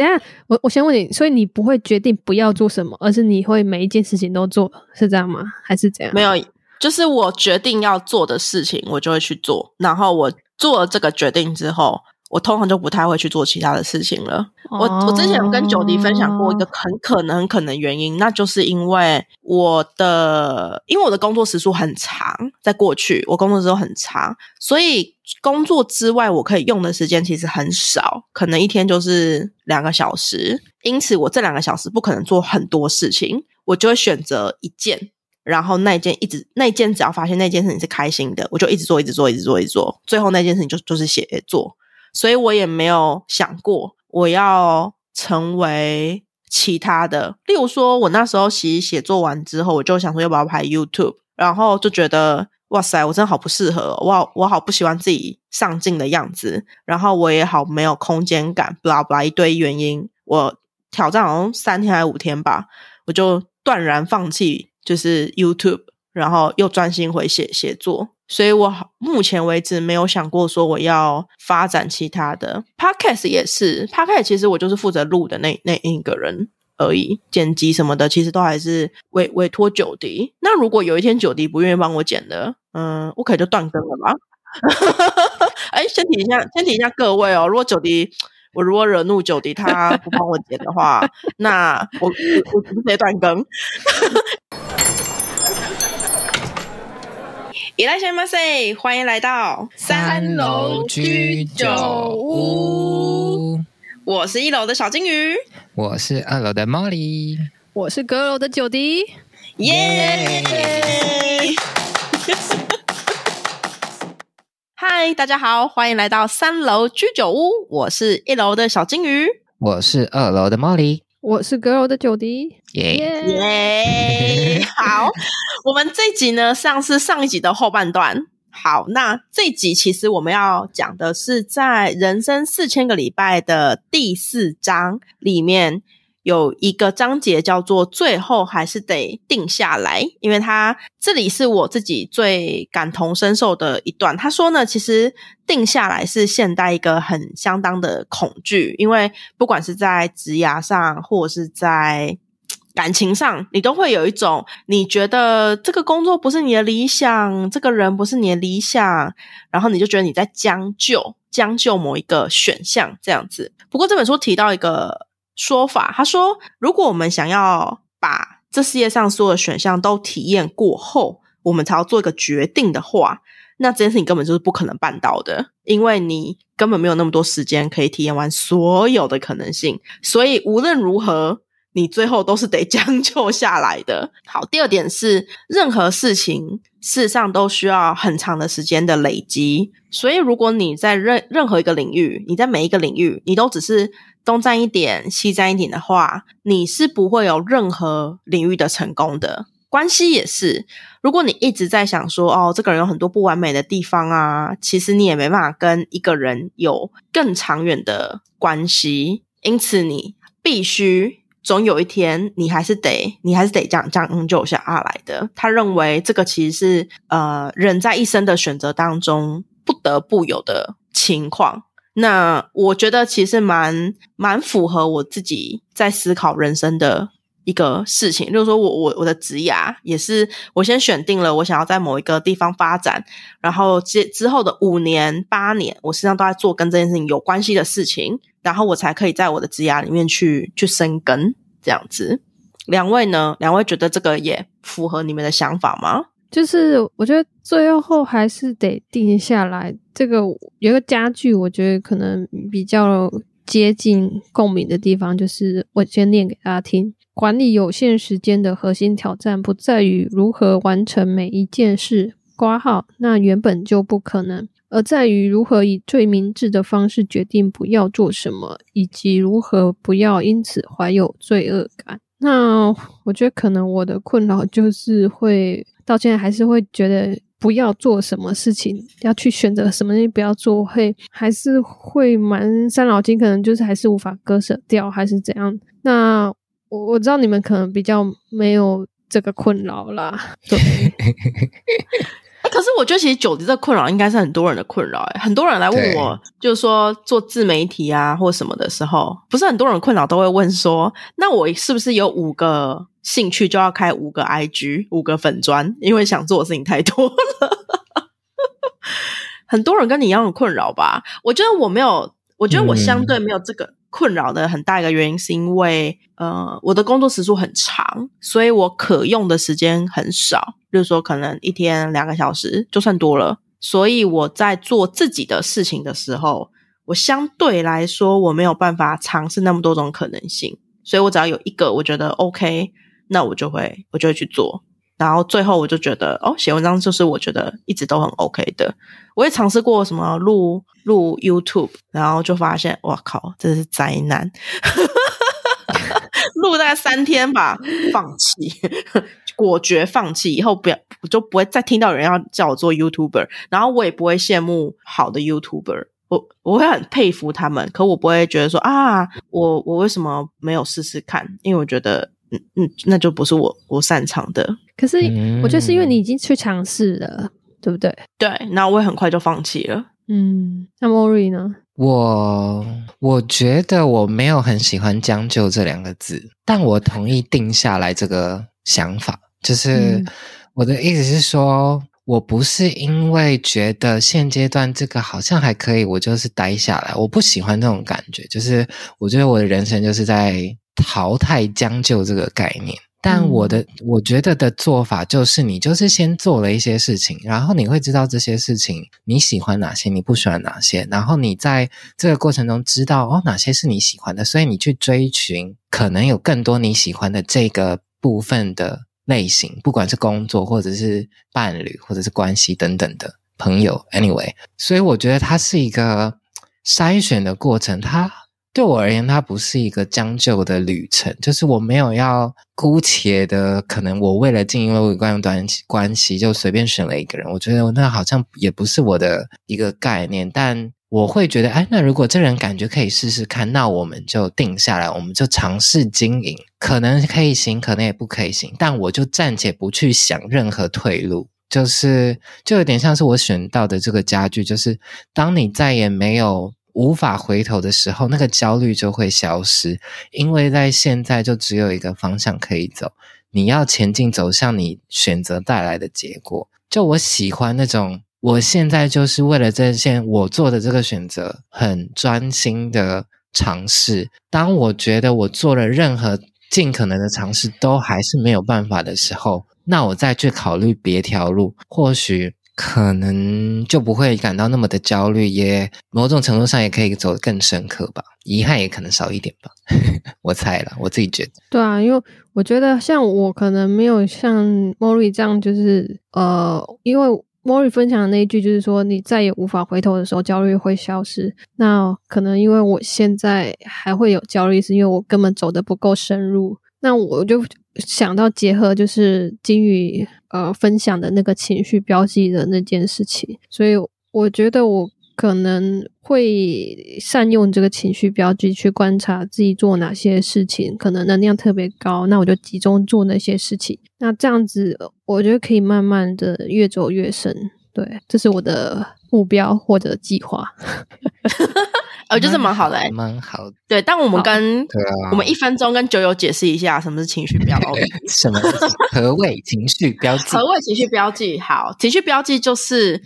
等下，我我先問你，所以你不會決定不要做什麼，而是你會每一件事情都做，是這樣嗎？還是怎樣？沒有，就是我決定要做的事情，我就會去做。然後我做了這個決定之後。我通常就不太會去做其他的事情了。我我之前有跟久迪分享過一個很可能很可能的原因，那就是因為我的因為我的工作時數很長，在過去我工作時候很長，所以工作之外我可以用的時間其實很少，可能一天就是兩個小時。因此，我這兩個小時不可能做很多事情，我就會選擇一件，然後那一件一直，那一件只要發現那件事情是開心的，我就一直做，一直做，一直做，一直做，一直做，最後那件事情就就是寫作。欸做所以我也沒有想過我要成為其他的，例如說，我那時候其寫作完之後，我就想說要不要拍 YouTube，然後就覺得哇塞，我真的好不適合，我好我好不喜歡自己上鏡的樣子，然後我也好沒有空間感，不 l 不 h 一堆原因，我挑戰好像三天還是五天吧，我就斷然放棄，就是 YouTube，然後又專心回寫寫作。所以我目前為止沒有想過說我要發展其他的。Podcast 也是，Podcast 其實我就是負責錄的那那一個人而已，剪輯什麼的其實都還是委委託久迪。那如果有一天久迪不願意幫我剪的，嗯，我可以就斷更了吧。哎、 欸，先提一下，先提一下各位哦，如果久迪，我如果惹怒久迪，他不幫我剪的話， 那我我，我，我直接斷更。 你來先嗎？誰？歡迎來到三樓,三樓居酒屋。我是一樓的小金魚，我是二樓的 Mori，我是閣樓的久迪。耶！嗨，大家好，歡迎來到三樓居酒屋。我是一樓的小金魚，我是二樓的 Mori。我是 girl 的久迪，耶、yeah. yeah！ 好，我們這集呢，像是上一集的後半段。好，那這集其實我們要講的是在《人生四千個禮拜》的第四章裡面。有一個章節叫做“最後還是得定下來”，因為他這裡是我自己最感同身受的一段。他說呢，其實定下來是現代一個很相當的恐懼，因為不管是在職涯上或者是在感情上，你都會有一種你覺得這個工作不是你的理想，這個人不是你的理想，然後你就覺得你在將就，將就某一個選項這樣子。不過這本書提到一個。說法，他說：“如果我們想要把這世界上所有的選項都體驗過後，我們才要做一個決定的話，那這件事情根本就是不可能辦到的，因為你根本沒有那麼多時間可以體驗完所有的可能性。所以無論如何，”你最後都是得將就下來的。好，第二點是，任何事情事實上都需要很長的時間的累積。所以，如果你在任任何一個領域，你在每一個領域，你都只是東沾一點、西沾一點的話，你是不會有任何領域的成功的。關係也是，如果你一直在想說，哦，這個人有很多不完美的地方啊，其實你也沒辦法跟一個人有更長遠的關係。因此，你必須。總有一天，你還是得，你還是得這樣這樣將就有下阿來的。他認為這個其實是，呃，人在一生的選擇當中不得不有的情況。那我覺得其實蠻蠻符合我自己在思考人生的。一個事情，就是說我我我的職涯也是我先選定了我想要在某一個地方發展，然後之之後的五年八年，我實際上都在做跟這件事情有關係的事情，然後我才可以在我的職涯裡面去去生根，這樣子。兩位呢，兩位覺得這個也符合你們的想法嗎？就是我覺得最後還是得定下來，這個有一個家具，我覺得可能比較接近共鳴的地方，就是我先念給大家聽。管理有限時間的核心挑戰不在於如何完成每一件事括號，那原本就不可能，而在於如何以最明智的方式決定不要做什麼，以及如何不要因此懷有罪惡感。那我覺得可能我的困擾就是會到現在還是會覺得不要做什麼事情，要去選擇什麼東西，不要做，會還是會蠻傷腦筋，可能就是還是無法割舍掉，還是怎樣。那。我我知道你們可能比較沒有這個困擾啦，對。 可是我覺得其實久迪這個困擾應該是很多人的困擾。欸，很多人來問我，就是說做自媒體啊或什麼的時候，不是很多人困擾都會問說，那我是不是有五個興趣就要開五個 IG 五個粉專？因為想做的事情太多了。 很多人跟你一樣的困擾吧？我覺得我沒有，我覺得我相對沒有這個。嗯困擾的很大一個原因是因為，呃，我的工作時數很長，所以我可用的時間很少。就是說，可能一天兩個小時就算多了。所以我在做自己的事情的時候，我相對來說我沒有辦法嘗試那麼多種可能性。所以我只要有一個我覺得 OK，那我就會，我就會去做。然後最後我就覺得，哦，寫文章就是我覺得一直都很 OK 的。我也嘗試過什麼錄錄 YouTube，然後就發現，哇靠，真是災難！ 錄大概三天吧，放棄， 果決放棄。以後不要，我就不會再聽到人要叫我做 YouTuber，然後我也不會羨慕好的 YouTuber，我我會很佩服他們，可我不會覺得說啊，我我為什麼沒有試試看？因為我覺得。嗯嗯，那就不是我我擅長的。可是我覺得是因為你已經去嘗試了，嗯，對不對？對，那我也很快就放棄了。嗯，那 Mori 呢？我我覺得我沒有很喜歡“將就”這兩個字，但我同意定下來這個想法。就是我的意思是說，我不是因為覺得現階段這個好像還可以，我就是待下來。我不喜歡這種感覺，就是我覺得我的人生就是在。淘汰將就這個概念，但我的我覺得的做法就是，你就是先做了一些事情，然後你會知道這些事情你喜歡哪些，你不喜歡哪些，然後你在這個過程中知道哦哪些是你喜歡的，所以你去追尋可能有更多你喜歡的這個部分的類型，不管是工作或者是伴侶或者是關係等等的朋友。Anyway，所以我覺得它是一個篩選的過程，它。對我而言，它不是一個將就的旅程，就是我沒有要姑且的，可能我為了經營我一段的關係就隨便選了一個人，我覺得那好像也不是我的一個概念，但我會覺得，哎，那如果這人感覺可以試試看，那我們就定下來，我們就嘗試經營，可能可以行，可能也不可以行，但我就暫且不去想任何退路，就是就有點像是我選到的這個家具，就是當你再也沒有。無法回頭的時候，那個焦慮就會消失，因為在現在就只有一個方向可以走，你要前進走向你選擇帶來的結果。就我喜歡那種，我現在就是為了這件我做的這個選擇，很專心的嘗試。當我覺得我做了任何盡可能的嘗試都還是沒有辦法的時候，那我再去考慮別條路，或許。可能就不會感到那麼的焦慮，也某種程度上也可以走得更深刻吧，遺憾也可能少一點吧， 我猜了，我自己覺得。對啊，因為我覺得像我可能沒有像 Mori 這樣，就是呃，因為 Mori 分享的那一句就是說，你再也無法回頭的時候，焦慮會消失。那可能因為我現在還會有焦慮，是因為我根本走得不夠深入。那我就想到結合就是金魚，呃，分享的那個情緒標記的那件事情，所以我覺得我可能會善用這個情緒標記去觀察自己做哪些事情可能能量特別高，那我就集中做那些事情。那這樣子我覺得可以慢慢的越走越深，對，這是我的目標或者計劃。 哦，就是蠻好的，蠻好的。對，但我們跟我們一分鐘跟酒友解釋一下，什麼是情緒標記？ 什麼？何謂情緒標記？ 何謂情緒標記？好，情緒標記就是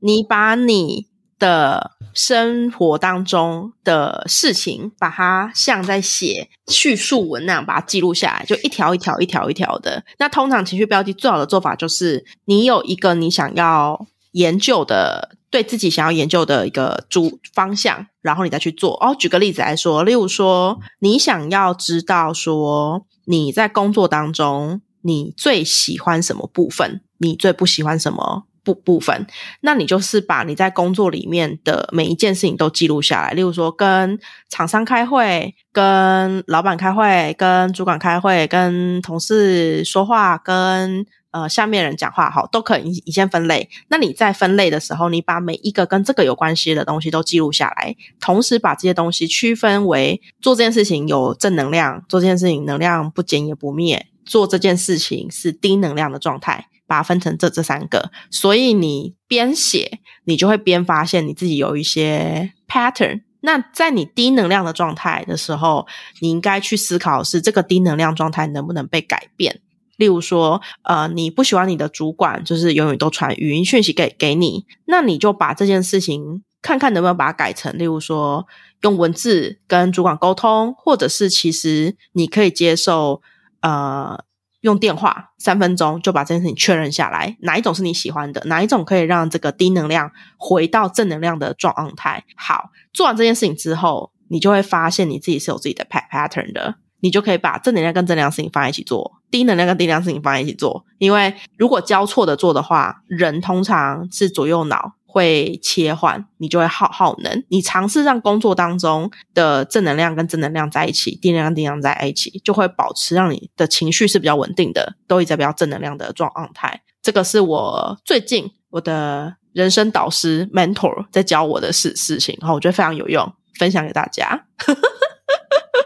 你把你的生活當中的事情，把它像在寫敘述文那樣把它記錄下來，就一條一條一條一條一條的。那通常情緒標記最好的做法就是，你有一個你想要。研究的對自己想要研究的一個主方向，然後你再去做。哦，舉個例子來說，例如說你想要知道說你在工作當中你最喜歡什麼部分，你最不喜歡什麼部部分，那你就是把你在工作裡面的每一件事情都記錄下來。例如說跟廠商開會、跟老板開會、跟主管開會、跟同事說話、跟，呃，下面人講話好，都可以，你你先分類。那你在分類的時候，你把每一個跟這個有關係的東西都記錄下來，同時把這些東西區分為做這件事情有正能量，做這件事情能量不減也不滅，做這件事情是低能量的狀態，把它分成這這三個。所以你邊寫，你就會邊發現你自己有一些 pattern。那在你低能量的狀態的時候，你應該去思考是這個低能量狀態能不能被改變。例如說，呃，你不喜歡你的主管，就是永遠都傳語音訊息給給你，那你就把這件事情看看能不能把它改成，例如說用文字跟主管溝通，或者是其實你可以接受，呃，用電話三分鐘就把這件事情確認下來，哪一種是你喜歡的，哪一種可以讓這個低能量回到正能量的狀態？好，做完這件事情之後，你就會發現你自己是有自己的 pattern 的。你就可以把正能量跟正能量事情，放在一起做，低能量跟低能量事情，放在一起做。因為如果交錯的做的話，人通常是左右腦會切換，你就會耗耗能。你嘗試讓工作當中的正能量跟正能量在一起，低能量跟低能量在一起，就會保持讓你的情緒是比較穩定的，都一直在比較正能量的狀態。這個是我最近我的人生導師 mentor 在教我的事事情，然後我覺得非常有用，分享給大家。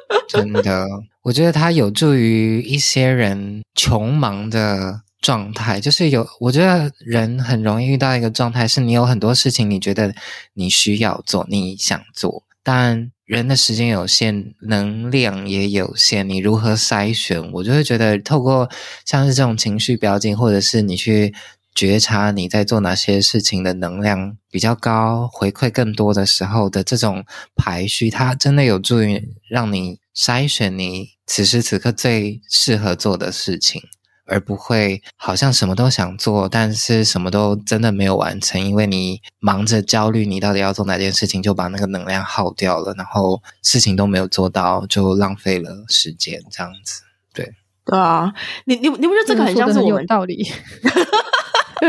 真的，我覺得它有助於一些人窮忙的狀態。就是有，我覺得人很容易遇到一個狀態，是你有很多事情，你覺得你需要做，你想做，但人的時間有限，能量也有限，你如何篩選？我就會覺得，透過像是這種情緒表情或者是你去。覺察你在做哪些事情的能量比較高、回饋更多的時候的這種排序，它真的有助於讓你篩選你此時此刻最適合做的事情，而不會好像什麼都想做，但是什麼都真的沒有完成，因為你忙着焦慮，你到底要做哪件事情，就把那個能量耗掉了，然後事情都沒有做到，就浪費了時間，這樣子。對，對啊，你你你不覺得這個很像是我們道理？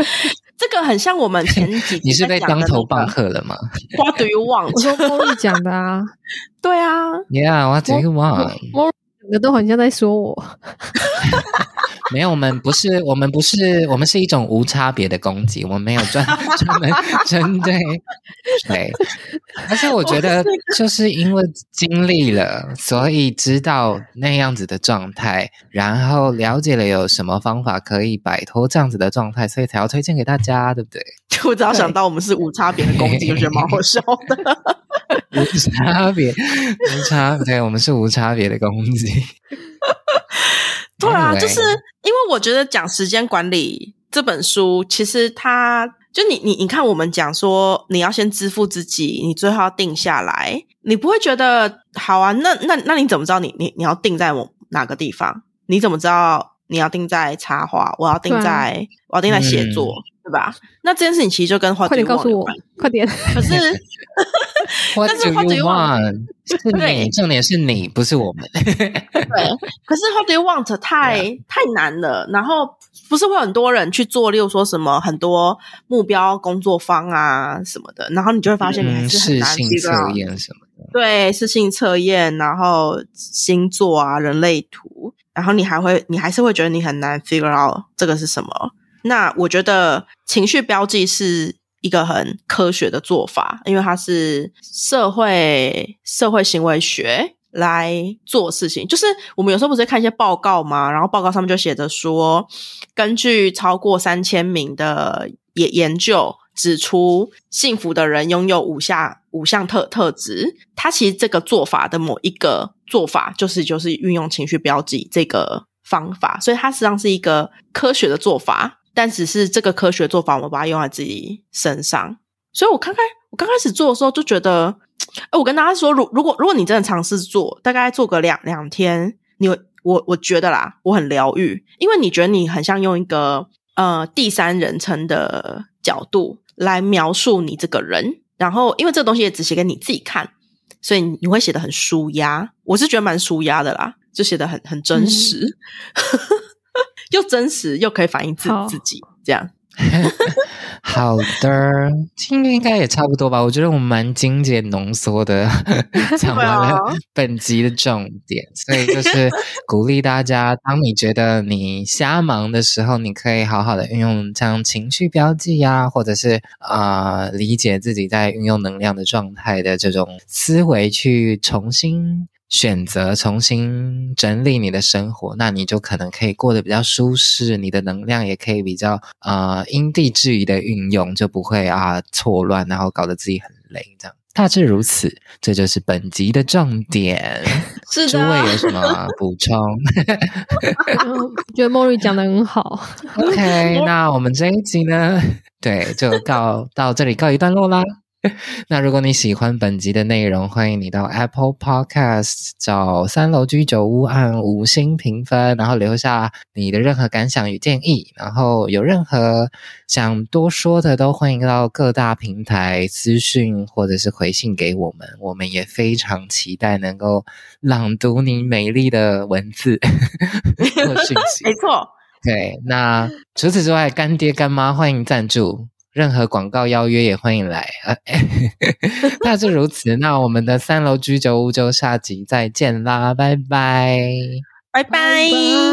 這個很像我們前幾天、那個、你是被當頭棒喝了嗎？what do you want，我說 Mori 講的啊，對啊，你、yeah, 看我對個 Mori 兩個都好像在說我。 沒有，我們不是，我們不是，我們是一種無差別的攻擊，我們沒有專 專門針對誰。而且我覺得，就是因為經歷了，所以知道那樣子的狀態，然後了解了有什麼方法可以擺脫這樣子的狀態，所以才要推薦給大家，對不對？我只要想到我們是無差別的攻擊，就覺得蠻好笑的。無差別，無差，對，我們是無差別的攻擊。 對啊，就是因為我覺得講時間管理這本書，其實它就你你你看，我們講說你要先支付自己，你最後要定下來，你不會覺得好啊？那那那你怎麼知道你你你要定在哪個地方？你怎麼知道你要定在插畫？我要定在、啊、我要定在寫作、嗯，對吧？那這件事情其實就跟話題快點告訴我，我，快點。可是。 但是，What do you want？ 是你，重 點是，是你，不是我們。 對，可是 How do you want？太、yeah. 太難了。然後，不是會很多人去做，例如說什麼很多目標工作坊啊什麼的，然後你就會發現你還是很難 figure out 什麼的。對，心理測驗，然後星座啊、人類圖，然後你還會，你還是會覺得你很難 figure out 這個是什麼。那我覺得情緒標記是。一個很科學的做法，因為它是社會社會行為學來做事情。就是我們有時候不是會看一些報告嗎？然後報告上面就寫着說，根據超過三千名的研研究指出，幸福的人擁有五下五項特特質。它其實這個做法的某一個做法，就是就是運用情緒標記這個方法，所以它實際上是一個科學的做法。但只是這個科學做法，我把它用在自己身上，所以我剛開始我剛開始做的時候就覺得，哎、欸，我跟大家說，如如果如果你真的嘗試做，大概做個兩兩天，你會我我覺得啦，我很療癒，因為你覺得你很像用一個呃第三人稱的角度來描述你這個人，然後因為這個東西也只寫給你自己看，所以你會寫得很舒壓，我是覺得蠻舒壓的啦，就寫得很很真實。嗯 又真實又可以反映自自己，這樣 好的，今天應該也差不多吧。我覺得我們蠻精簡濃縮的，講完了本集的重點，所以就是鼓勵大家， 當你覺得你瞎忙的時候，你可以好好的運用這樣情緒標記呀，或者是啊、呃，理解自己在運用能量的狀態的這種思維去重新。選擇重新整理你的生活，那你就可能可以過得比較舒適，你的能量也可以比較呃因地制宜的運用，就不會啊錯亂，然後搞得自己很累這樣。大致如此，這就是本集的重點。是的。諸位有什麼補充？覺得 Mori 講得很好。OK，那我們這一集呢，對，就告 到這裡告一段落啦。 那如果你喜歡本集的內容，歡迎你到 Apple Podcast 找三樓居酒屋按五星評分，然後留下你的任何感想與建議。然後有任何想多說的，都歡迎到各大平台私訊或者是回信給我們。我們也非常期待能夠朗讀你美麗的文字。 做訊息。沒錯。對，okay，那除此之外，乾爹乾媽歡迎贊助。任何廣告邀約也歡迎來，大致如此。那我們的三樓居酒屋就下集再見啦，拜拜，拜拜。Bye bye